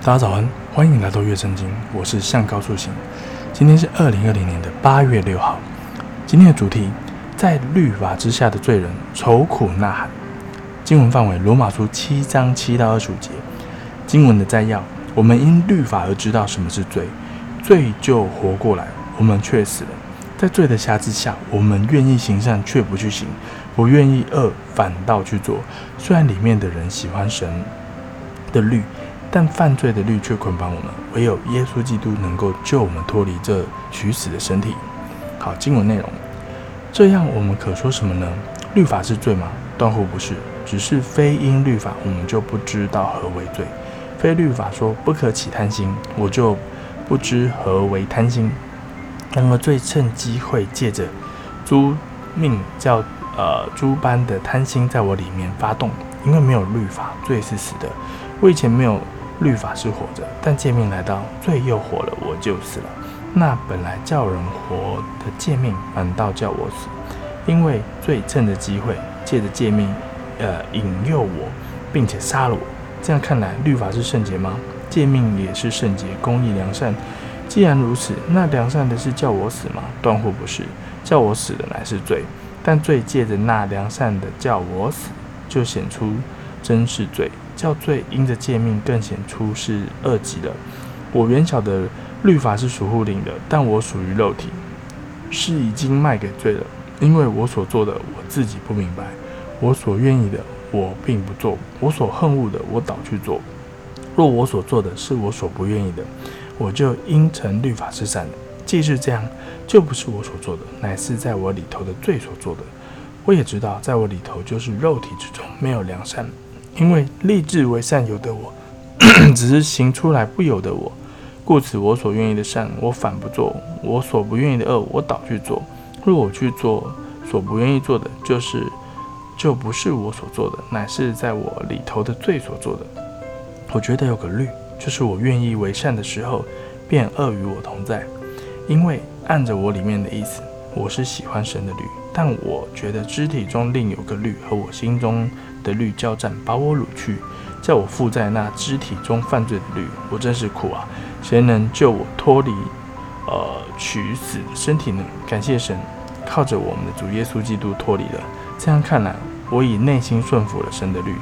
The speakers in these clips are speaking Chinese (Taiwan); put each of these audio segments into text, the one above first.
大家早安，歡迎來到《樂聖經》，我是向高速行。今天是二零二零年的八月六號。今天的主題，在律法之下的罪人愁苦吶喊。經文範圍，羅馬書七章七到二十五節。經文的摘要：我們因律法而知道什麼是罪，罪就活過來，我們却死了。在罪的轄制之下，我們願意行善却不去行，不願意惡反倒去做。雖然裡面的人喜歡神的律。但犯罪的律卻捆綁我們，唯有耶穌基督能夠救我們脫離這取死的身體。好，經文內容，這樣我們可說什麼呢？律法是罪嗎？斷乎不是，只是非因律法，我們就不知道何為罪。非律法說不可起貪心，我就不知何為貪心。然而罪趁機會借着諸命叫呃諸般的貪心在我裡面發動，因為沒有律法，罪是死的。我以前沒有。律法是活着，但誡命來到，罪又活了，我就死了。那本來叫人活的誡命，反倒叫我死，因為罪趁着機會借着誡命，呃，引誘我，並且殺了我。這樣看來，律法是聖潔嗎？誡命也是聖潔、公義良善。既然如此，那良善的是叫我死嗎？斷乎不是，叫我死的乃是罪。但罪借着那良善的叫我死，就顯出真是罪，叫罪因著誡命更顯出是惡極了。我原曉得律法是屬乎靈的，但我屬於肉體，是已經賣給罪了。因為我所做的我自己不明白，我所願意的我並不做，我所恨惡的我倒去做。若我所做的是我所不願意的，我就應承律法是善的。既是這樣，就不是我所做的，乃是在我裡頭的罪所做的。我也知道，在我裡頭就是肉體之中沒有良善。因為立志為善有的我， 只是行出來不有的我，故此我所願意的善我反不做，我所不願意的惡我倒去做。若我去做所不願意做的，就是就不是我所做的，乃是在我裡頭的罪所做的。我覺得有個律，就是我願意為善的時候，便惡與我同在，因為按着我裡面的意思，我是喜歡神的律。但我覺得肢體中另有個律和，我心中的律交戰，把我擄去，叫我附在那肢體中犯罪的律，我真是苦啊！誰能救我脫離，呃，取死的身體呢？感謝神，靠着我們的主耶穌基督脫離了。這樣看來，我以內心順服了神的律，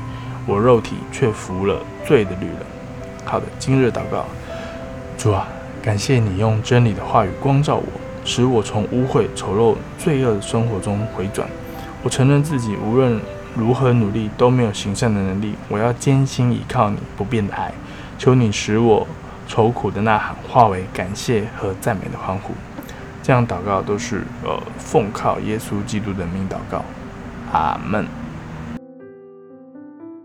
我肉體卻服了罪的律了。好的，今日禱告，主啊，感謝你用真理的話語光照我。使我從污穢、醜陋、罪惡的生活中回轉。我承認自己無論如何努力都沒有行善的能力。我要堅心依靠你不變的愛。求你使我愁苦的吶喊化為感謝和讚美的歡呼。這樣禱告都是呃奉靠耶穌基督的名禱告。阿門。